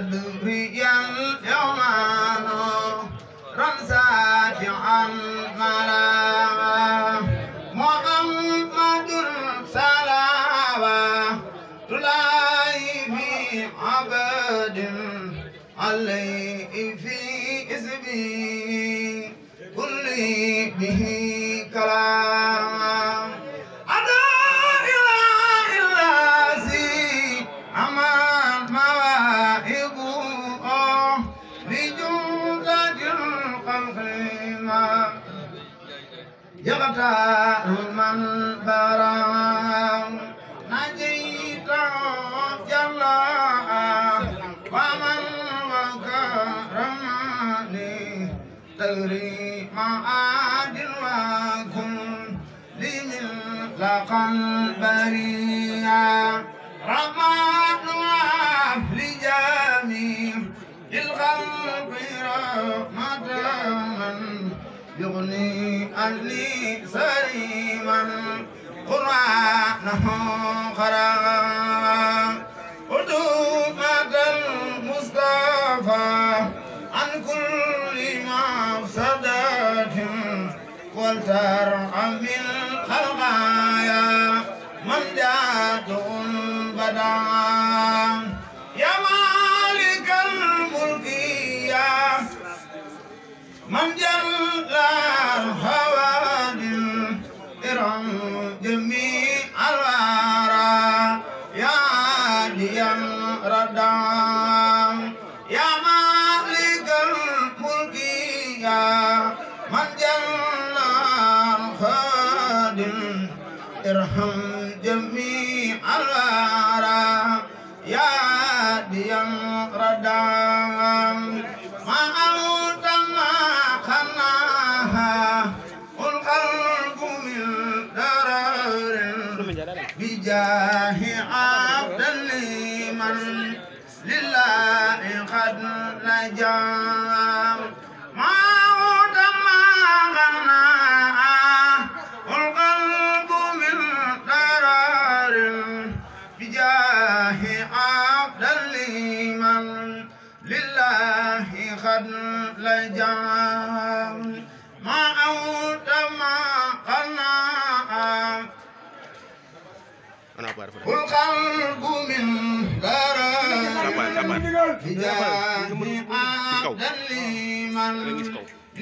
ذريا يومان رمزات عن ملاغا محمد سلاوة تلاهي في عبد عليه في اسمه كل به كلام نجيتا من برا نجيتا جلا ومن وكرمني تغريم عادل وكن لي لقى البريه رحمن وعف لجميع الخلق رحمه من يغني أهلي سليما قرآنه قرآن ارحم جميع الارى يا ديا ردام ما أموت ما خناها والقلب من درر بجاه qalbu min baran hijaani aadan liman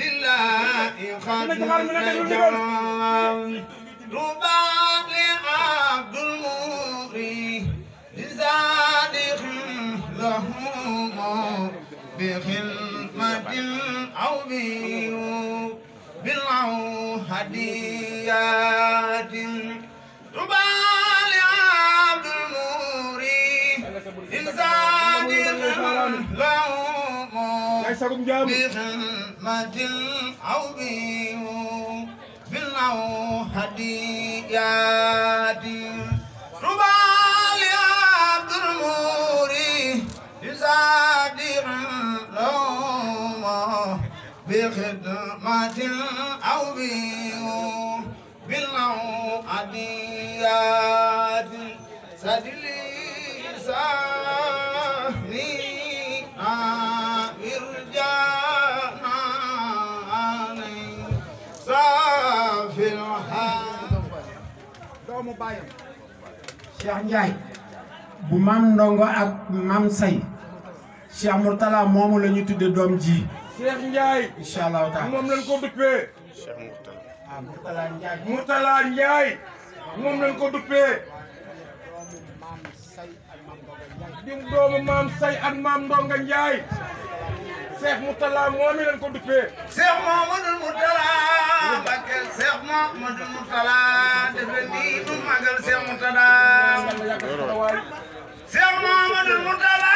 lillahi qad najam tubaa li abdul muri لزادهم لهم بخدمة أو بالعو هديا سرم جام بخدمة العوبي بالعو هديات ربال عبد الموري لصادق لهم بخدمة العوبي بالعو هديات Cheikh Ndiaye bu maam Ndongo ak maam Say Cheikh Mourtala moomu la tudde doom ji Cheikh Ndiaye incha allahu taala moom lañ ko duppee Cheikh Mourtala ah Mourtala Ndiaye ko duppee di doomu maam Say ko duppee Cheikh Cheikh Mourtada Cheikh Mouhamadoul Mourtada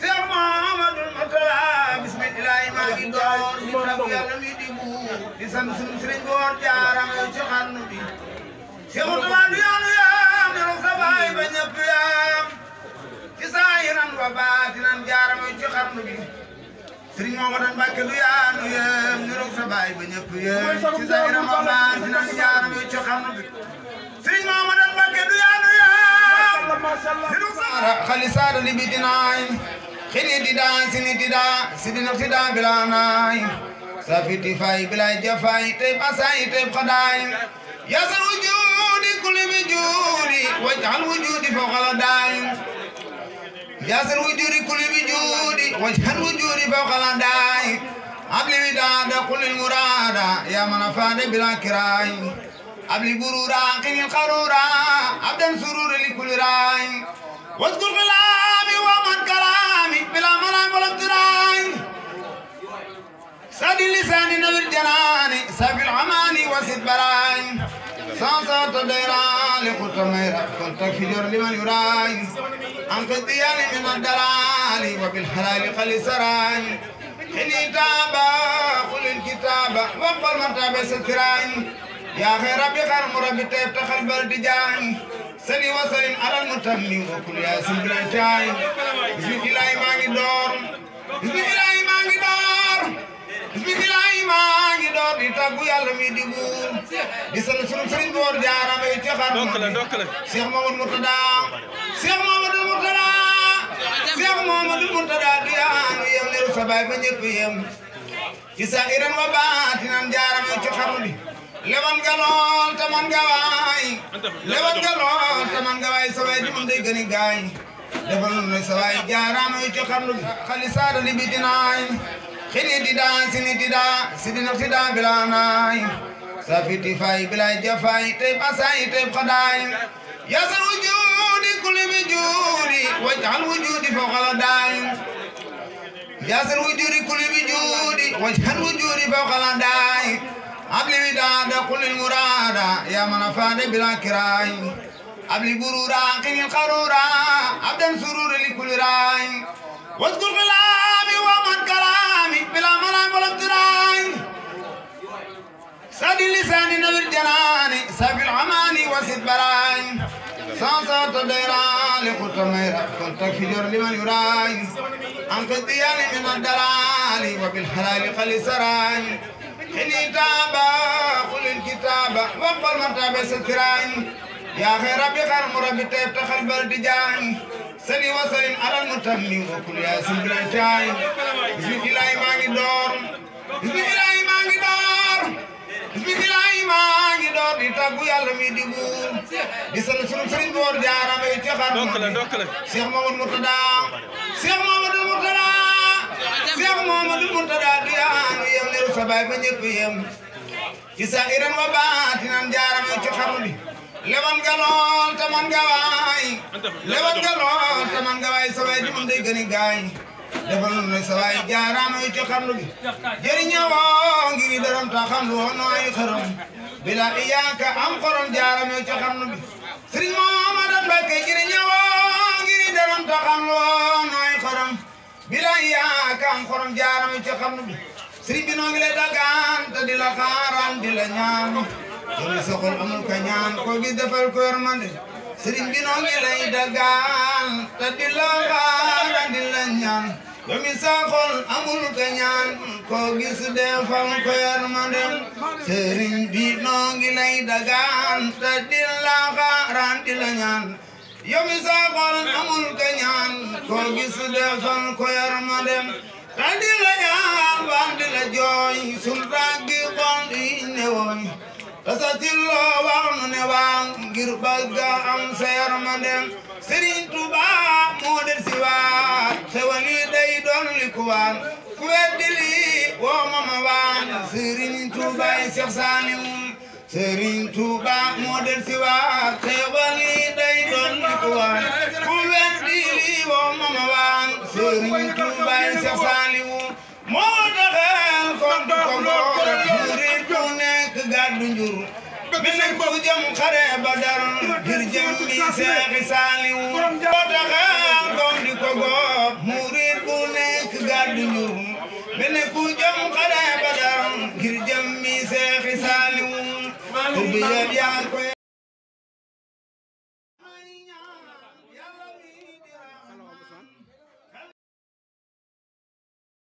Cheikh Mouhamadoul Mourtada bismillahi maa ngi door ñu rab yàlla mi di buur di sant suñu sëriñ Góor Jaara yow ci xarnu bi Cheikh Mourtada du yaanu yaam dara sa baay ba ñëpp yaam ci saa yi nan ba baatinan jaara yow ci xarnu bi Sëriñ Mamadu Mbàkke lu yaanu yéem ñu rog sa baay ba ñëpp yéem ci sa yaram amaan dina ci jaaram ci xam bi Sëriñ Mamadu Mbàkke lu yaanu yéem xali saada li bi dinaay xini dida sini dida sidina sida bila naay safiti fay bilay jafaay tey basay tey xadaay yasal wujudi kulli bi juudi wajal wujudi fawqa daay جاز الوجود كل وجود وجه الوجود فوق الأداء أبل وداد كل المراد يا من بلا كراي أبل برورا قل القرورا أبدا سرور لكل راي واذكر كلامي ومن كلامي بلا منام ولا ابتراي سد لساني نور الجنان سافي العمان وسد براي سانتا تديرا لختميرا فلتكفجر لمن يراي أنت الديان من الدلال وبالحلال قل سراي حني تابا قل الكتاب وقل مرتبة ستراي يا خير ربي خير مربي تيب تخل بلدجاي سني وسلم على المتمم وكل ياسم بلا جاي بسم الله ما دور بسم الله di tàggu yàlla mi di buur di sant sunu sëriñ Mor Jaara may ci xar dokkale dokkale Cheikh Mamadou Murtada Cheikh Mamadou Murtada Cheikh Mamadou Murtada di yaanu yem ne sa baay ci sa iran lewan nga lool te lewan nga lool te man di mën day gëni gaay defal nu ne sa waay jaara ci xarnu bi xali saada bi dinaay خيري ديدا سيني ديدا سيدي نتيدا بلا ناي سافيتي فاي بلا جفاي تيب أساي تيب خداي ياسر وجودي كل بجودي واجعل وجودي فوق الداي ياسر وجودي كل بجودي واجعل وجودي فوق الداي أبلي وداد كل المراد يا من فاد بلا كراي أبلي برورا قيل قرورا أبدا سرور لكل راي واذكر غلامي ومن كلامي بلا منام ولا امتناعي سد لساني نذر جناني سافي العماني وسد براي صاصة ديران لقلت ميرا كنت فجر لمن يراي أنت الديان من الدلال وبالحلال قل سراي حني تابا قل الكتاب وقل مرتبة ستراي يا خير ربي خير مربي تفتخ البلد جاي sali wa salim aral ni wa kul ya simbilay taay maa ngi door bismillahi maa ngi door bismillahi maa ngi door di yàlla mi di buur di sant sunu sëriñ boor jaara may ci xar dokkale dokkale Cheikh Mamadou Murtada Cheikh Mamadou Murtada Cheikh Mamadou Murtada di yaanu yem ne sa baay ba ci sa iran wa baatinan jaara may ci xamu bi lewan nga lool te man di man day gaay defal lu ne sa waay jaaraama yu ci xam lu gi jëriñoo ngir dërëm ta bila iyaaka am xorom jaaraama yu ci xam lu gi sëriñ Mamadu Mbàkke jëriñoo ngir dërëm ta xam lu bila iyaaka am xorom jaaraama yu ci xam lu bi noo ngi lay dagaan te di la xaaraan di sunu soxol amul ka ñaan ko gi defal ko yërmande sëriñ bi noo ngi lay dagaan te di la baara di la ñaan yow mi saxol amul ka ñaan ko gis defal ko yërmande sëriñ bi noo ngi lay dagaan te di la baara di la ñaan yow mi saxol amul ka ñaan ko gis defal ko yërmande te di la ñaan baam di la jooy sultaan fasatilloo waaw nu ne waaw ngir am sa yërmande Serigne Touba moo si waan xewal yi day doon li waan ku weddi lii woo mama waan Serigne Touba yi Cheikh Saliou Serigne Touba si waan way bëgg jëm xare badar ngir jëm bi seexi saaliw boo taxaw doom di ko góob murid bu nekk gàddu njur benn ku jëm xare badar ngir jëm bi seexi saaliw